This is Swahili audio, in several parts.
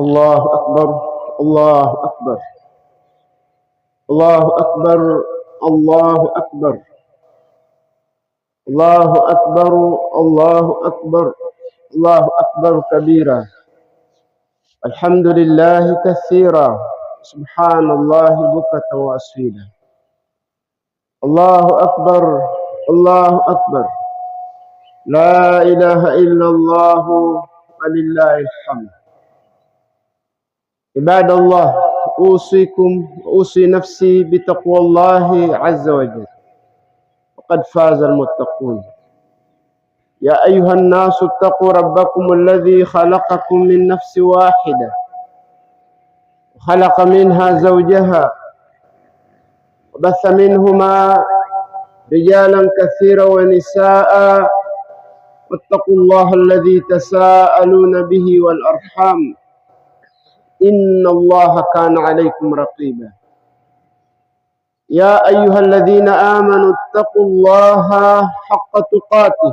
الله أكبر الله أكبر الله أكبر الله أكبر الله أكبر الله أكبر الله أكبر كبيرا الحمد لله كثيرا سبحان الله بكة وأصيلا الله أكبر الله أكبر لا إله إلا الله ولله الحمد عباد الله أوصيكم أوصي نفسي بتقوى الله عز وجل وقد فاز المتقون يا أيها الناس اتقوا ربكم الذي خلقكم من نفس واحدة خلق منها زوجها وبث منهما رجالا كثيرا ونساء واتقوا الله الذي تساءلون به والأرحام إن الله كان عليكم رقيبا يا أيها الذين آمنوا اتقوا الله حق تقاته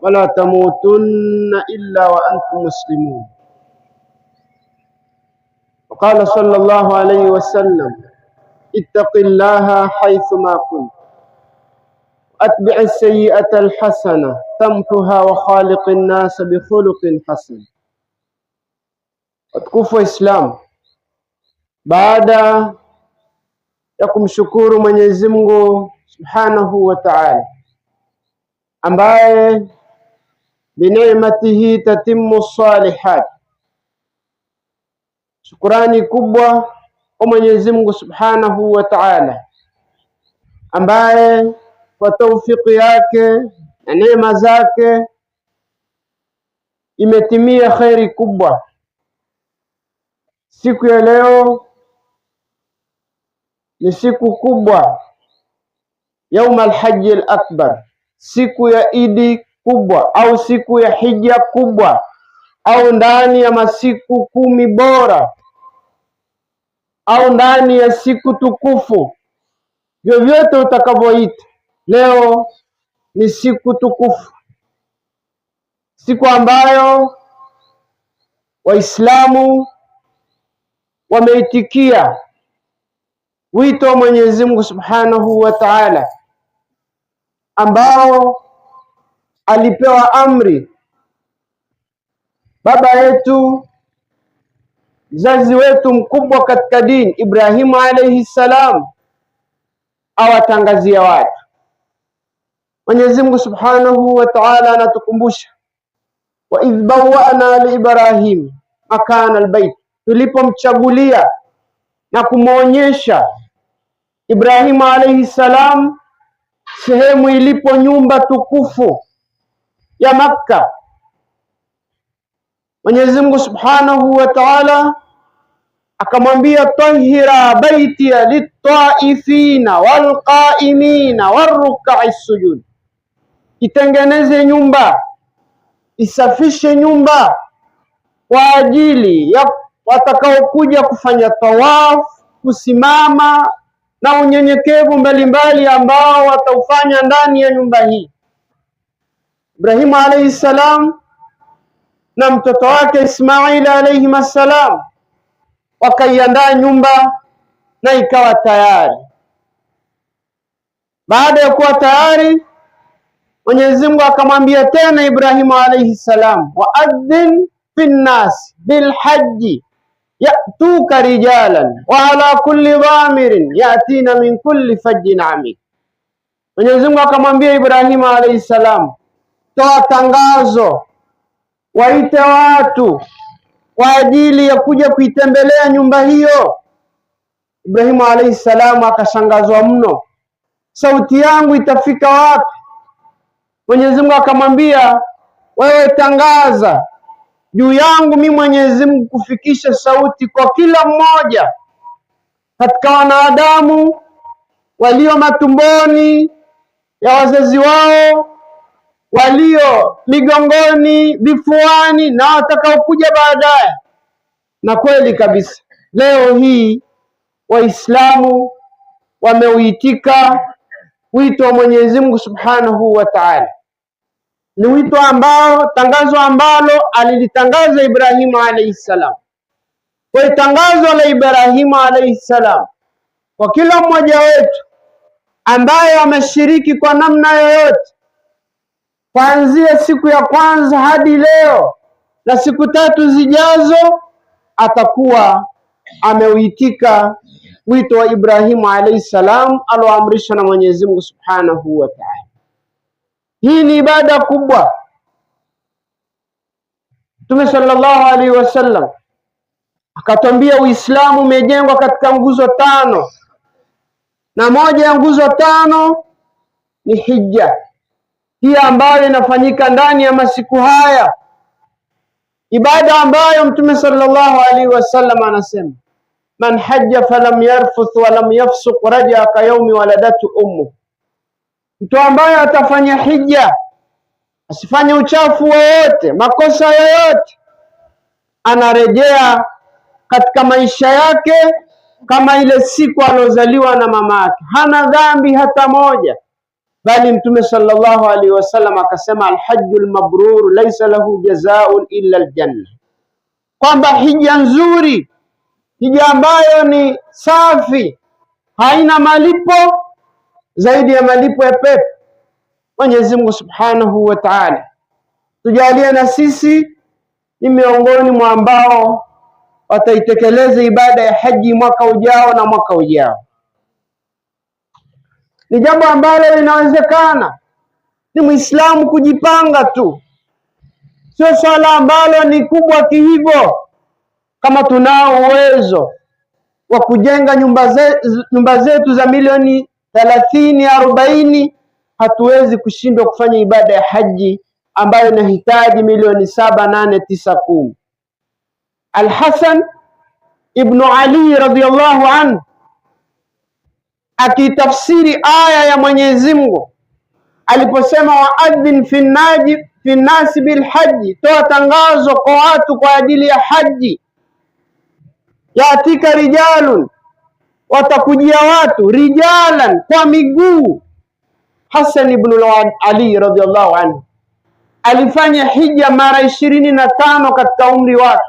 ولا تموتن إلا وأنتم مسلمون وقال صلى الله عليه وسلم اتق الله حيثما كنت أتبع السيئة الحسنة تمحها وخالق الناس بخلق حسن Watukufu wa Islam, baada ya kumshukuru Mwenyezi Mungu Subhanahu wa Ta'ala ambaye bineematihi tatimu salihat, shukurani kubwa kwa Mwenyezi Mungu Subhanahu wa Ta'ala ambaye kwa taufiki yake na neema zake imetimia kheri kubwa Siku ya leo ni siku kubwa, yauma alhaji alakbar, siku ya idi kubwa au siku ya hija kubwa au ndani ya masiku kumi bora au ndani ya siku tukufu, vyovyote utakavyoita, leo ni siku tukufu, siku ambayo Waislamu wameitikia wito wa Mwenyezi Mungu Subhanahu wa Ta'ala, ambao alipewa amri baba yetu mzazi wetu mkubwa katika dini Ibrahimu alayhi salam awatangazia watu. Mwenyezi Mungu Subhanahu wa Ta'ala anatukumbusha, wa idh bawana li Ibrahim makana albayt tulipomchagulia na kumwonyesha Ibrahimu alaihi salam sehemu ilipo nyumba tukufu ya Makka. Mwenyezi Mungu Subhanahu wa Ta'ala akamwambia tahira baitia litaifina walqaimina warukai sujud, itengeneze nyumba, isafishe nyumba kwa ajili ya watakaokuja kufanya tawafu, kusimama na unyenyekevu mbalimbali ambao wataufanya ndani ya nyumba hii. Ibrahimu alayhi salam na mtoto wake Ismail alayhi assalam wakaiandaa nyumba na ikawa tayari. Baada ya kuwa tayari, Mwenyezi Mungu akamwambia tena Ibrahimu alayhi salam, waadhin fi bilhaji yatuka rijalan wa ala kulli dhamirin yatina min kulli fajjin amik. Mwenyezi Mungu akamwambia Ibrahima alayhi salam, toa tangazo, waite watu kwa ajili ya kuja kuitembelea nyumba hiyo. Ibrahimu alayhi salam akashangazwa mno, sauti yangu itafika wapi? Mwenyezi Mungu akamwambia, wewe tangaza juu yangu mimi Mwenyezi Mungu kufikisha sauti kwa kila mmoja katika wanadamu walio matumboni ya wazazi wao, walio migongoni, vifuani na watakaokuja baadaye. Na kweli kabisa leo hii Waislamu wameuitika wito wa Mwenyezi Mungu Subhanahu wa Ta'ala. Ni wito ambao tangazo ambalo alilitangaza Ibrahimu alaihi salam. Kwa tangazo la Ibrahimu alaihi salam kwa kila mmoja wetu ambaye ameshiriki kwa namna yoyote, kuanzia siku ya kwanza hadi leo na siku tatu zijazo, atakuwa ameuitika wito wa Ibrahimu alaihi salam aloamrishwa na Mwenyezi Mungu subhanahu wa Ta'ala. Hii ni ibada kubwa. Mtume sallallahu alaihi wasallam akatwambia Uislamu umejengwa katika nguzo tano, na moja ya nguzo tano ni hija, hii ambayo inafanyika ndani ya masiku haya, ibada ambayo Mtume sallallahu alaihi wasallam anasema man hajja falam yarfuth walam yafsuq rajaa ka yaumi waladatu ummu Mtu ambaye atafanya hija asifanye uchafu wowote, makosa yoyote, anarejea katika maisha yake kama ile siku alozaliwa na mama yake hana dhambi hata moja. Bali Mtume sallallahu alaihi wasallam akasema, alhaju lmabrur laisa lahu jazaun illa aljanna, kwamba hija nzuri, hija ambayo ni safi, haina malipo zaidi ya malipo ya pepo. Mwenyezi Mungu Subhanahu wa Ta'ala, tujalie na sisi ni miongoni mwa ambao wataitekeleza ibada ya haji mwaka ujao na mwaka ujao. Ni jambo ambalo linawezekana, ni Muislamu kujipanga tu, sio swala ambalo ni kubwa kihivyo. Kama tunao uwezo wa kujenga nyumba, nyumba zetu za milioni thelathini arobaini, hatuwezi kushindwa kufanya ibada ya haji ambayo inahitaji milioni saba nane tisa kumi. Alhasan ibnu Ali radhiyallahu anhu akitafsiri aya ya Mwenyezi Mungu aliposema, waadhin fi nnasi bilhaji, toa tangazo kwa watu kwa ajili ya haji, yatika rijalun watakujia watu rijalan, kwa miguu. Hasan ibn Ali radhiallahu anhu alifanya hija mara ishirini na tano katika umri wake,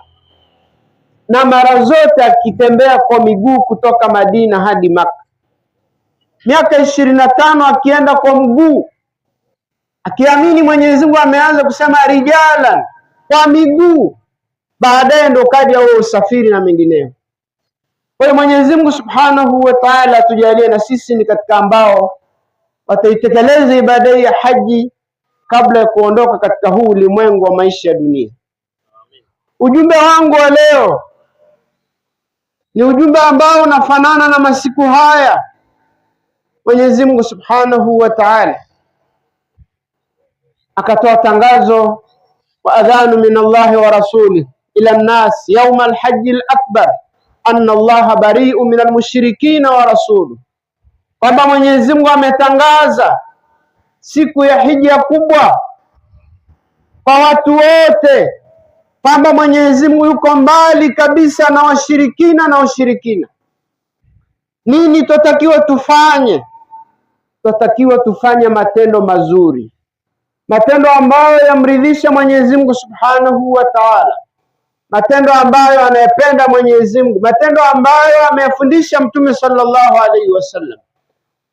na mara zote akitembea kwa miguu kutoka Madina hadi Maka, miaka ishirini na tano akienda kwa mguu, akiamini Mwenyezi Mungu ameanza kusema rijalan, kwa miguu. Baadaye ndo kaja huo usafiri na mengineyo. Kwa hiyo Mwenyezi Mungu Subhanahu wa Ta'ala atujalie na sisi ni katika ambao wataitekeleza ibada ya haji kabla ya kuondoka katika huu ulimwengu wa maisha ya dunia. Ujumbe wangu wa leo ni ujumbe ambao unafanana na masiku haya. Mwenyezi Mungu Subhanahu wa Ta'ala akatoa tangazo wa adhanu min Allahi wa rasuli ila nnas yauma alhaji alakbar anna Allaha bariu minal mushrikina wa rasulu kwamba Mwenyezi Mungu ametangaza siku ya hija kubwa kwa watu wote, kwamba Mwenyezi Mungu yuko mbali kabisa na washirikina na washirikina. Nini twatakiwa tufanye? Twatakiwa tufanye matendo mazuri, matendo ambayo yamridhisha Mwenyezi Mungu subhanahu wa taala matendo ambayo anayependa Mwenyezi Mungu, matendo ambayo ameyafundisha Mtume sallallahu alaihi wasallam.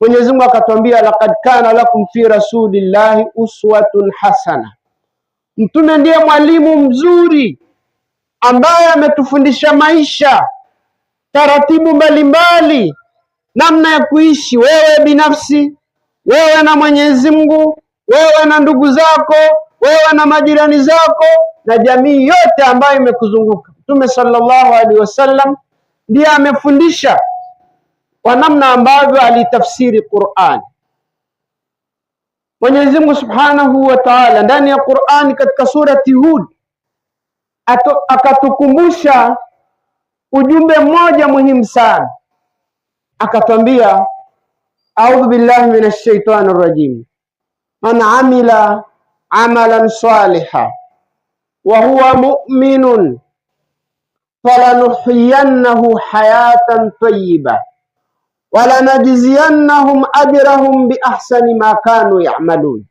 Mwenyezi Mungu akatwambia, laqad kana lakum fi rasulillahi uswatun hasana. Mtume ndiye mwalimu mzuri ambaye ametufundisha maisha, taratibu mbalimbali, namna ya kuishi wewe binafsi, wewe na Mwenyezi Mungu, wewe na ndugu zako, wewe na majirani zako na jamii yote ambayo imekuzunguka. Mtume sallallahu alaihi wasallam ndiye amefundisha kwa namna ambavyo alitafsiri Qur'an. Mwenyezi Mungu Subhanahu wa Ta'ala ndani ya Qur'an katika surati Hud akatukumbusha ujumbe mmoja muhimu sana, akatwambia a'udhu billahi minash shaitani rrajim man amila amalan salihan wa huwa mu'minun falanuhyiyannahu hayatan tayyiba walanajziyannahum ajrahum biahsani ma kanu ya'malun.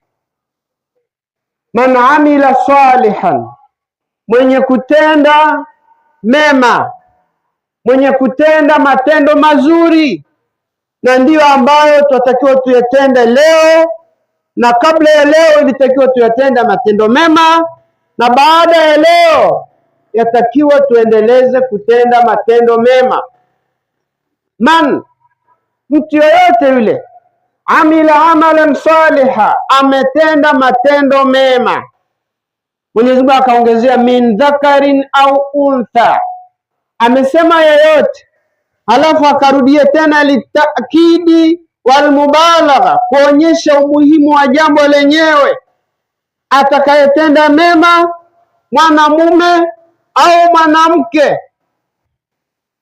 Man amila salihan, mwenye kutenda mema, mwenye kutenda matendo mazuri, na ndiyo ambayo tunatakiwa tuyatende leo, na kabla ya leo ilitakiwa tuyatenda matendo mema na baada ya leo yatakiwa tuendeleze kutenda matendo mema. Man, mtu yoyote yule amila amalan saliha, ametenda matendo mema. Mwenyezi Mungu akaongezea min dhakarin au untha, amesema yoyote, alafu akarudia tena litakidi walmubalagha, kuonyesha umuhimu wa jambo lenyewe atakayetenda mema mwanamume au mwanamke,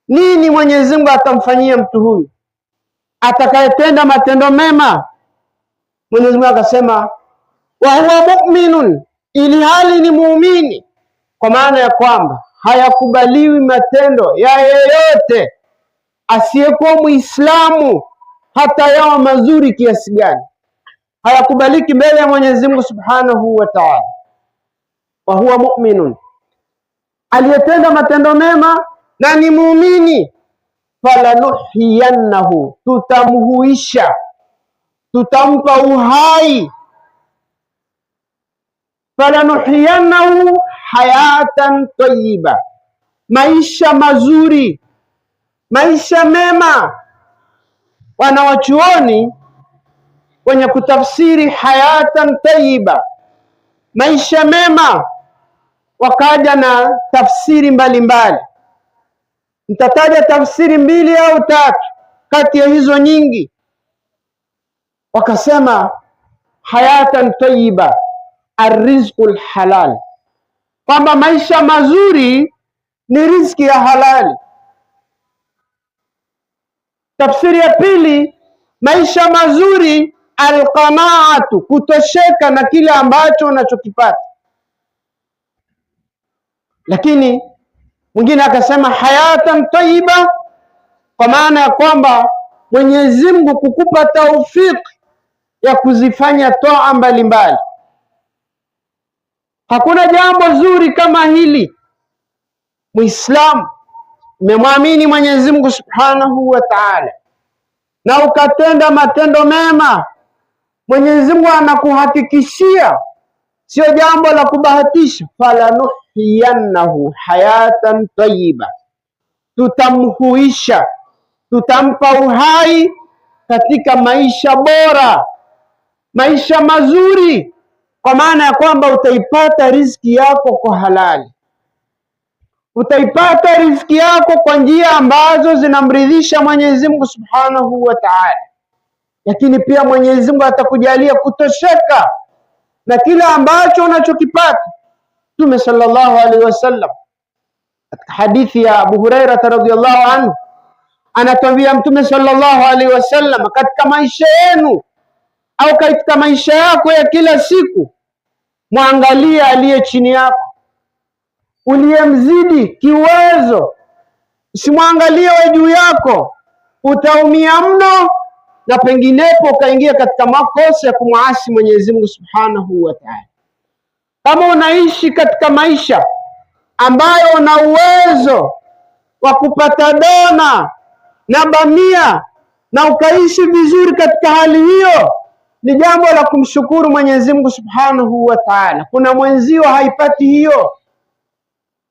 nini Mwenyezi Mungu atamfanyia mtu huyu? Atakayetenda matendo mema, Mwenyezi Mungu akasema wa huwa mu'minun, ili hali ni muumini, kwa maana ya kwamba hayakubaliwi matendo ya yeyote asiyekuwa Muislamu hata yao mazuri kiasi gani hayakubaliki mbele ya Mwenyezi Mungu Subhanahu wa Ta'ala. Wa huwa mu'minun, aliyetenda matendo mema na ni muumini, falanuhiyannahu, tutamhuisha, tutampa uhai, falanuhiyannahu hayatan tayyiba, maisha mazuri, maisha mema. Wanawachuoni wenye kutafsiri hayatan tayyiba, maisha mema, wakaja na tafsiri mbalimbali. Nitataja tafsiri mbili au tatu kati ya hizo nyingi. Wakasema hayatan tayyiba arrizqul halal, kwamba maisha mazuri ni riziki ya halali. Tafsiri ya pili, maisha mazuri alqanaatu, kutosheka na kile ambacho unachokipata. Lakini mwingine akasema hayatan tayyiba, kwa maana ya kwamba Mwenyezi Mungu kukupa taufiki ya kuzifanya toa mbalimbali. Hakuna jambo zuri kama hili Muislamu umemwamini Mwenyezi Mungu Subhanahu wa Ta'ala, na ukatenda matendo mema Mwenyezi Mungu anakuhakikishia, sio jambo la kubahatisha. falanuhyiyannahu hayatan tayyiba, tutamhuisha, tutampa uhai katika maisha bora, maisha mazuri, kwa maana ya kwamba utaipata riziki yako kwa halali, utaipata riziki yako kwa njia ambazo zinamridhisha Mwenyezi Mungu Subhanahu wa Ta'ala lakini pia Mwenyezi Mungu atakujalia kutosheka na kila ambacho unachokipata. Mtume sallallahu alaihi wasallam katika hadithi ya Abu Hurairah radhiyallahu anhu anatwambia Mtume sallallahu alaihi wasallam, katika maisha yenu au katika maisha yako ya kila siku, mwangalie aliye chini yako, uliyemzidi kiwezo, usimwangalie wa juu yako, utaumia mno na penginepo ukaingia katika makosa ya kumwasi Mwenyezi Mungu Subhanahu wa Ta'ala. Kama unaishi katika maisha ambayo una uwezo wa kupata dona na bamia na ukaishi vizuri katika hali hiyo, ni jambo la kumshukuru Mwenyezi Mungu Subhanahu wa Ta'ala. Kuna mwenzio haipati hiyo,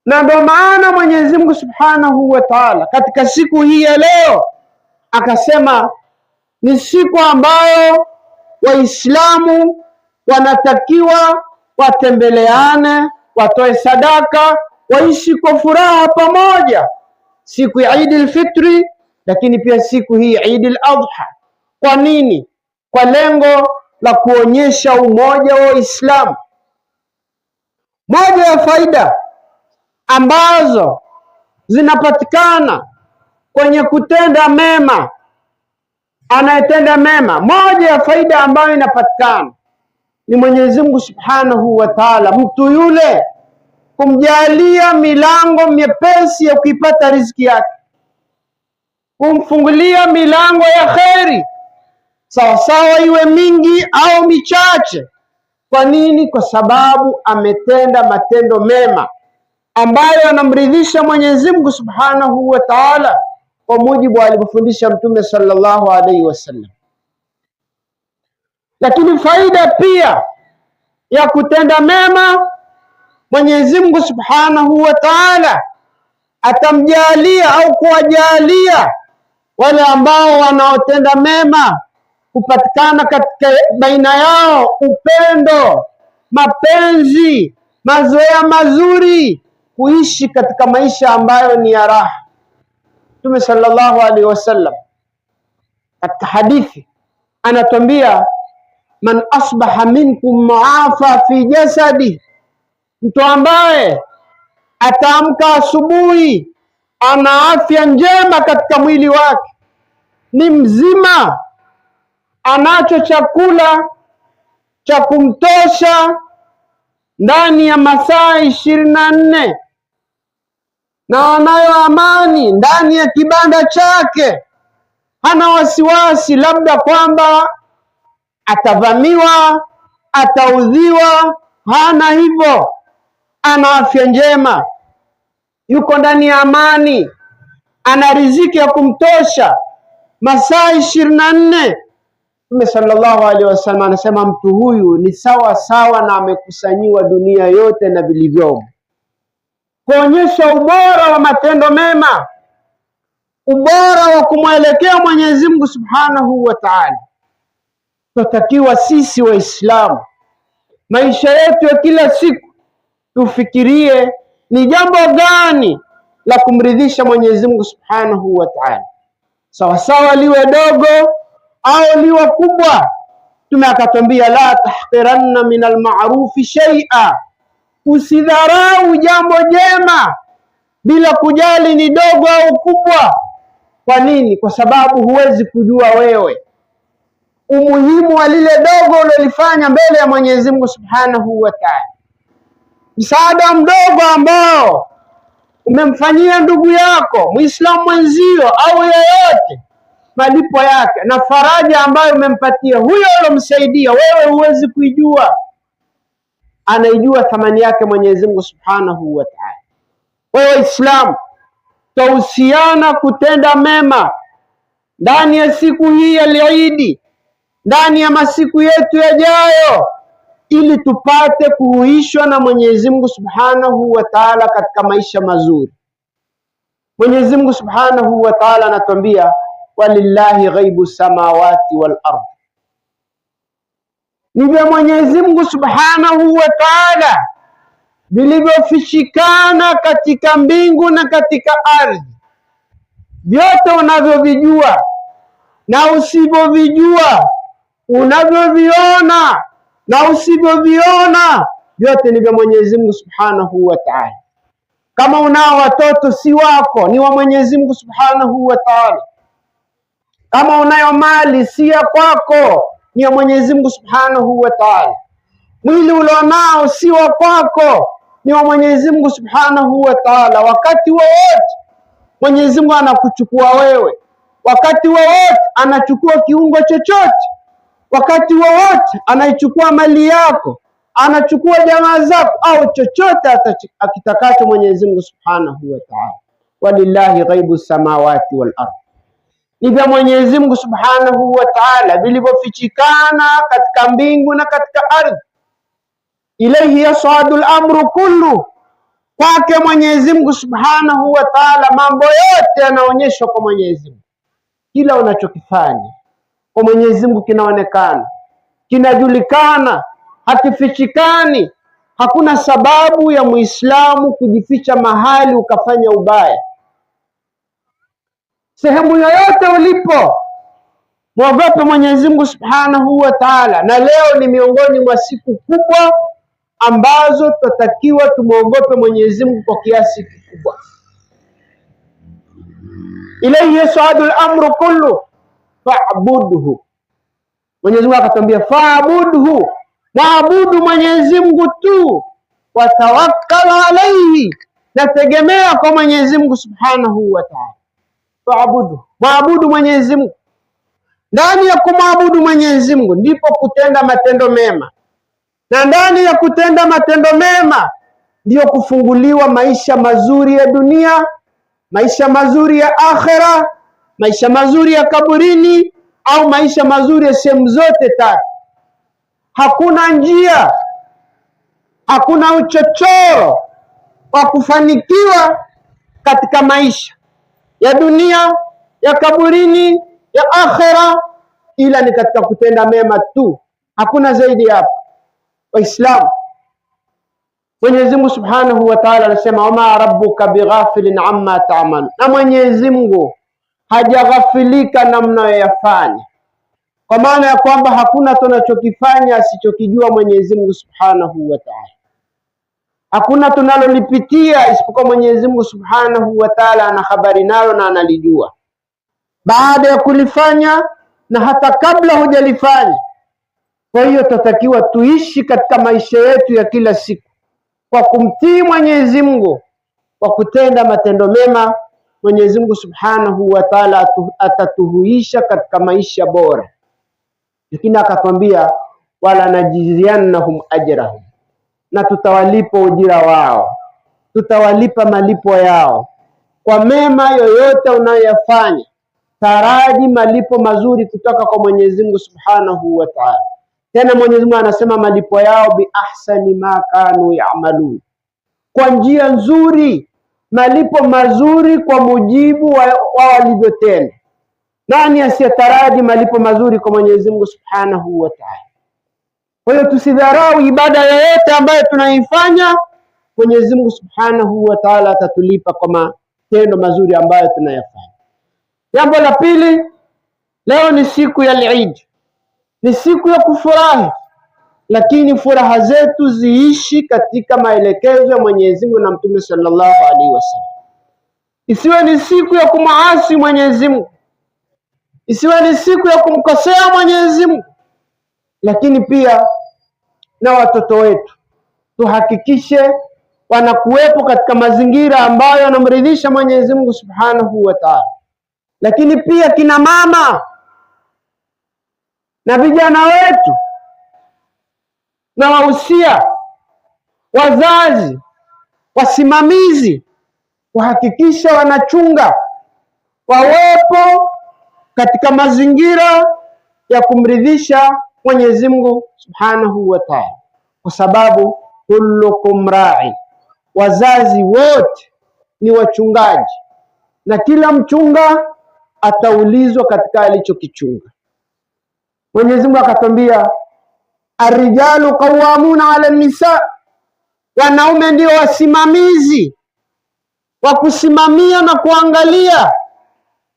na ndio maana Mwenyezi Mungu Subhanahu wa Ta'ala katika siku hii ya leo akasema ni siku ambayo Waislamu wanatakiwa watembeleane, watoe sadaka, waishi kwa furaha pamoja, siku ya Idi lfitri fitri lakini pia siku hii Idi al-Adha. Kwa nini? Kwa lengo la kuonyesha umoja wa Waislamu. Moja ya faida ambazo zinapatikana kwenye kutenda mema anayetenda mema, moja ya faida ambayo inapatikana ni Mwenyezi Mungu Subhanahu wa Ta'ala, mtu yule kumjalia milango myepesi ya kuipata riziki yake, kumfungulia milango ya kheri, sawasawa iwe mingi au michache. Kwa nini? Kwa sababu ametenda matendo mema ambayo anamridhisha Mwenyezi Mungu Subhanahu wa Ta'ala kwa mujibu alivyofundisha Mtume sallallahu alaihi wasallam. Lakini faida pia ya kutenda mema, Mwenyezi Mungu subhanahu wa taala atamjalia au kuwajalia wale ambao wanaotenda mema kupatikana katika baina yao upendo, mapenzi, mazoea mazuri, kuishi katika maisha ambayo ni ya raha. Mtume sallallahu alaihi wasallam katika hadithi anatwambia, man asbaha minkum muafa fi jasadi, mtu ambaye ataamka asubuhi ana afya njema katika mwili wake, ni mzima, anacho chakula cha kumtosha ndani ya masaa ishirini na nne na wanayo amani ndani ya kibanda chake. Hana wasiwasi labda kwamba atavamiwa, ataudhiwa. Hana hivyo, ana afya njema, yuko ndani ya amani, ana riziki ya kumtosha masaa ishirini na nne. Mtume sallallahu alaihi wasallam anasema mtu huyu ni sawa sawa na amekusanyiwa dunia yote na vilivyomo kuonyesha ubora wa matendo mema, ubora wa kumwelekea Mwenyezi Mungu Subhanahu wa Ta'ala. Tutakiwa sisi Waislamu maisha yetu ya kila siku tufikirie ni jambo gani la kumridhisha Mwenyezi Mungu Subhanahu wa Ta'ala, sawasawa liwe dogo au liwe kubwa. Tume akatwambia la tahqiranna min almarufi shay'a Usidharau jambo jema bila kujali ni dogo au kubwa. Kwa nini? Kwa sababu huwezi kujua wewe umuhimu wa lile dogo ulilofanya mbele ya Mwenyezi Mungu Subhanahu wa Ta'ala. Msaada mdogo ambao umemfanyia ndugu yako Muislamu mwenzio au yeyote, malipo yake na faraja ambayo umempatia huyo ulomsaidia, wewe huwezi kuijua anaijua thamani yake Mwenyezi Mungu Subhanahu wa Ta'ala. Kwa hiyo Waislamu, twahusiana kutenda mema ndani ya siku hii ya Eid, ndani ya masiku yetu yajayo, ili tupate kuhuishwa na Mwenyezi Mungu Subhanahu wa Ta'ala katika maisha mazuri. Mwenyezi Mungu Subhanahu wa Ta'ala anatuambia, walillahi ghaibu samawati wal ardh ni vya Mwenyezi Mungu Subhanahu wa Ta'ala vilivyofichikana katika mbingu na katika ardhi. Vyote unavyovijua na usivyovijua, unavyoviona na usivyoviona, vyote ni vya Mwenyezi Mungu Subhanahu wa Ta'ala. Kama unao watoto si wako, ni wa Mwenyezi Mungu Subhanahu wa Ta'ala. Kama unayo mali si ya kwako ni ya Mwenyezi Mungu Subhanahu wa Ta'ala. Mwili ulionao si wa kwako, ni wa Mwenyezi Mungu Subhanahu wa Ta'ala. Wakati wowote Mwenyezi Mungu anakuchukua wewe, wakati wowote anachukua kiungo chochote, wakati wowote anaichukua mali yako, anachukua jamaa zako au chochote akitakacho Mwenyezi Mungu Subhanahu wa Ta'ala. Walillahi ghaibu samawati wal ardh ni vya Mwenyezi Mungu Subhanahu wa Ta'ala, vilivyofichikana katika mbingu na katika ardhi. Ilaihi yasadul amru kullu, kwake Mwenyezi Mungu Subhanahu wa Ta'ala mambo yote yanaonyeshwa kwa Mwenyezi Mungu. Kila unachokifanya kwa Mwenyezi Mungu kinaonekana, kinajulikana, hakifichikani. Hakuna sababu ya Muislamu kujificha mahali ukafanya ubaya sehemu yoyote ulipo, mwogope Mwenyezi Mungu Subhanahu wa Ta'ala. Na leo ni miongoni mwa siku kubwa ambazo tutatakiwa tumwogope Mwenyezi Mungu kwa kiasi kikubwa. Ilaihi yasadu al-amru kullu fa'budhu. Mwenyezi Mungu akatwambia fa'budhu, waabudu Mwenyezi Mungu tu, watawakkal alaihi, nategemea kwa Mwenyezi Mungu Subhanahu wa Ta'ala waabudu, waabudu Mwenyezi Mungu. Ndani ya kumwabudu Mwenyezi Mungu ndipo kutenda matendo mema, na ndani ya kutenda matendo mema ndiyo kufunguliwa maisha mazuri ya dunia, maisha mazuri ya akhera, maisha mazuri ya kaburini, au maisha mazuri ya sehemu zote tatu. Hakuna njia, hakuna uchochoro wa kufanikiwa katika maisha ya dunia, ya kaburini, ya akhera, ila ni katika kutenda mema tu, hakuna zaidi ya hapo. Waislamu, Mwenyezi Mungu Subhanahu wa Ta'ala anasema wama rabbuka bighafilin amma ta'malu, na Mwenyezi Mungu hajaghafilika na mnayoyafanya, kwa maana ya kwamba hakuna tunachokifanya asichokijua Mwenyezi Mungu Subhanahu wa Ta'ala. Hakuna tunalolipitia isipokuwa Mwenyezi Mungu Subhanahu wa Ta'ala ana habari nalo na analijua, baada ya kulifanya na hata kabla hujalifanya. Kwa hiyo tutatakiwa tuishi katika maisha yetu ya kila siku kwa kumtii Mwenyezi Mungu, kwa kutenda matendo mema. Mwenyezi Mungu Subhanahu wa Ta'ala atatuhuisha katika maisha bora, lakini akatwambia wala najiziannahum ajrahum na tutawalipa ujira wao, tutawalipa malipo yao. Kwa mema yoyote unayoyafanya, taraji malipo mazuri kutoka kwa Mwenyezi Mungu Subhanahu wa Ta'ala. Tena Mwenyezi Mungu anasema malipo yao bi ahsani ma kanu ya'malun, kwa njia nzuri, malipo mazuri kwa mujibu wa, wa walivyotenda. Nani asiyetaraji malipo mazuri kwa Mwenyezi Mungu Subhanahu wa Ta'ala? Kwa hiyo tusidharau ibada yoyote ambayo tunaifanya. Mwenyezi Mungu Subhanahu wa Ta'ala atatulipa kwa matendo mazuri ambayo tunayafanya. Jambo la pili, leo ni siku ya Eid, ni siku ya kufurahi, lakini furaha zetu ziishi katika maelekezo ya Mwenyezi Mungu na Mtume sallallahu alaihi wasallam. Isiwe ni siku ya kumaasi Mwenyezi Mungu, isiwe ni siku ya kumkosea Mwenyezi Mungu, lakini pia na watoto wetu, tuhakikishe wanakuwepo katika mazingira ambayo yanamridhisha Mwenyezi Mungu Subhanahu wa Ta'ala. Lakini pia kina mama na vijana wetu, na wahusia wazazi, wasimamizi, kuhakikisha wanachunga wawepo katika mazingira ya kumridhisha Mwenyezi Mungu Subhanahu wa Ta'ala, kwa sababu kullukum rai, wazazi wote ni wachungaji na kila mchunga ataulizwa katika alichokichunga. Mwenyezi Mungu akatwambia, arijalu qawwamuna ala nisa, wanaume ndio wasimamizi wa kusimamia na kuangalia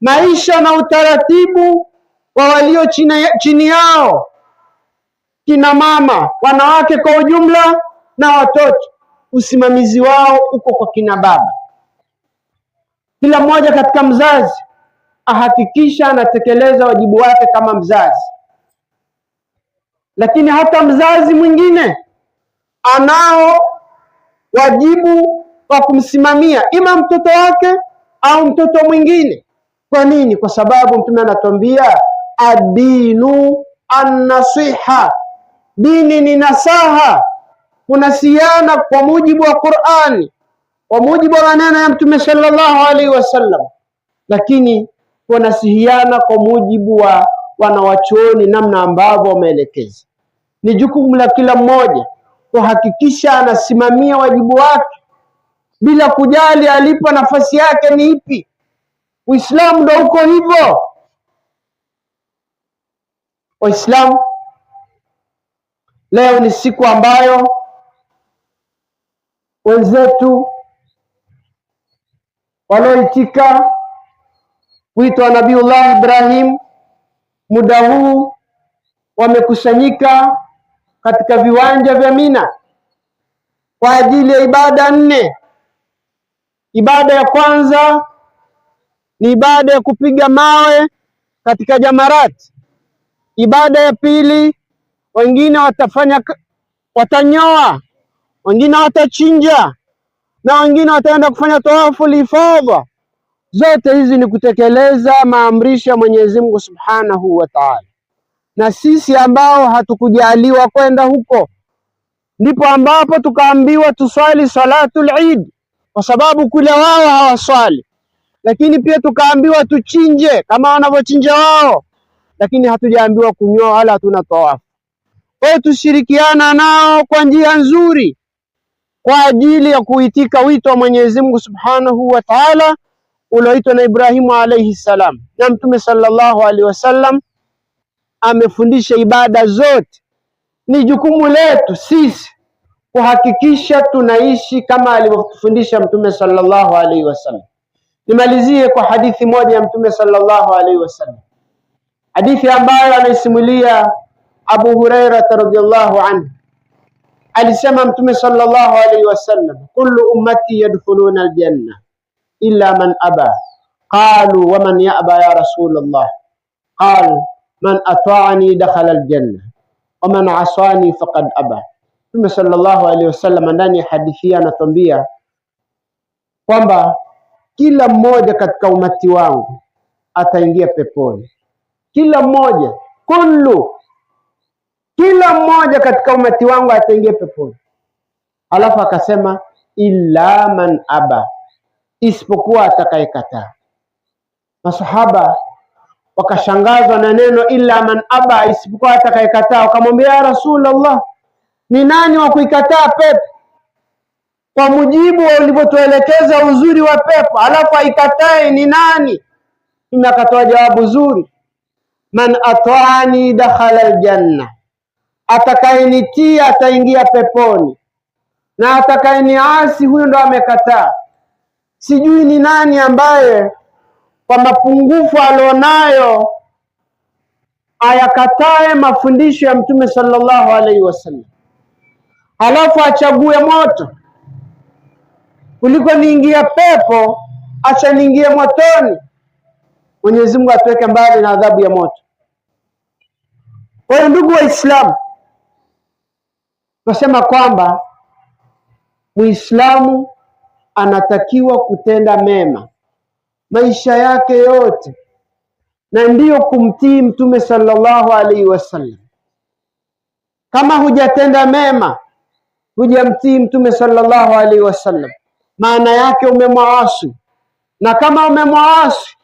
maisha na utaratibu wa walio chini yao kina mama, wanawake kwa ujumla na watoto, usimamizi wao uko kwa kina baba. Kila mmoja katika mzazi ahakikisha anatekeleza wajibu wake kama mzazi, lakini hata mzazi mwingine anao wajibu wa kumsimamia ima mtoto wake au mtoto mwingine. Kwa nini? Kwa sababu Mtume anatuambia adinu annasiha Dini ni nasaha, kunasihiana kwa mujibu wa Qur'ani, kwa mujibu wa maneno ya Mtume sallallahu alaihi wasallam, lakini kunasihiana kwa mujibu wa wanawachuoni namna ambavyo wameelekeza. Ni jukumu la kila mmoja kuhakikisha anasimamia wajibu wake bila kujali alipo nafasi yake ni ipi. Uislamu ndio uko hivyo. Waislamu Leo ni siku ambayo wenzetu walioitika wito wa Nabiullah Ibrahim muda huu wamekusanyika katika viwanja vya Mina kwa ajili ya ibada nne. Ibada ya kwanza ni ibada ya kupiga mawe katika jamarat. Ibada ya pili wengine watafanya, watanyoa, wengine watachinja na wengine wataenda kufanya tawafu lifadha. Zote hizi ni kutekeleza maamrisho ya Mwenyezi Mungu Subhanahu wa Ta'ala, na sisi ambao hatukujaliwa kwenda huko ndipo ambapo tukaambiwa tuswali salatul Eid kwa sababu kule wao hawaswali, lakini pia tukaambiwa tuchinje kama wanavyochinja wao, lakini hatujaambiwa kunyoa wala hatuna tawafu. Kwa tushirikiana nao kwa njia nzuri kwa ajili ya kuitika wito wa Mwenyezi Mungu Subhanahu wa Ta'ala ulioitwa na Ibrahimu alayhi salam. Na Mtume sallallahu alaihi wasallam amefundisha ibada zote. Ni jukumu letu sisi kuhakikisha tunaishi kama alivyofundisha Mtume sallallahu alaihi wasallam. Nimalizie kwa hadithi moja ya Mtume sallallahu alaihi wasallam, hadithi ambayo anaisimulia Abu হুরাইরাত রাদিয়াল্লাহু আনহু alisema mtume sallallahu alaihi wasallam kullu ummati yadkhuluna aljanna illa man aba qalu wa man yaba ya rasulullah qal man ata'ani dakhala aljanna wa man asani faqad aba mtume sallallahu alaihi wasallam ndani ya hadithi hii anatuambia kwamba kila mmoja katika umati wangu ataingia peponi kila mmoja kullu kila mmoja katika umati wangu ataingia peponi. Alafu akasema illa man aba, isipokuwa atakayekataa. Masahaba wakashangazwa na neno illa man aba, isipokuwa atakayekataa. Wakamwambia ya Rasulullah, ni nani wa kuikataa pepo kwa mujibu wa ulivyotuelekeza uzuri wa pepo, alafu aikatae ni nani? Mtume akatoa jawabu zuri, man atani dakhala aljanna Atakayenitii ataingia peponi na atakayeniasi huyu ndo amekataa. Sijui ni nani ambaye kwa mapungufu alionayo ayakatae mafundisho ya Mtume sallallahu alaihi wasallam, halafu achague moto kuliko niingia pepo, acha niingie motoni. Mwenyezi Mungu atuweke mbali na adhabu ya moto. Kwa hiyo ndugu Waislamu Tunasema kwamba Muislamu anatakiwa kutenda mema maisha yake yote, na ndiyo kumtii Mtume sallallahu alaihi wasallam. Kama hujatenda mema, hujamtii Mtume sallallahu alaihi wasallam, maana yake umemwaasi. na kama umemwaasi,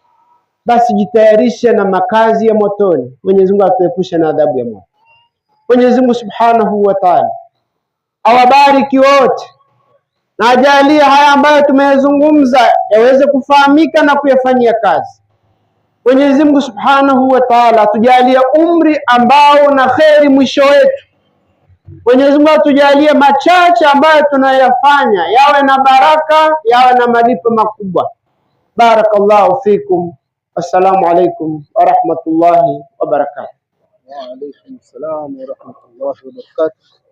basi jitayarishe na makazi ya motoni. Mwenyezi Mungu atuepushe na adhabu ya moto. Mwenyezi Mungu subhanahu wa Ta'ala awabariki wote na ajalie haya ambayo tumeyazungumza yaweze kufahamika na kuyafanyia kazi. Mwenyezi Mungu Subhanahu wa Ta'ala atujalie umri ambao na kheri mwisho wetu. Mwenyezi Mungu atujalie machache ambayo tunayafanya yawe na baraka, yawe na malipo makubwa. Barakallahu fikum. Assalamu alaikum wa rahmatullahi wa barakatuh. Wa alaikum salam wa rahmatullahi wa barakatuh.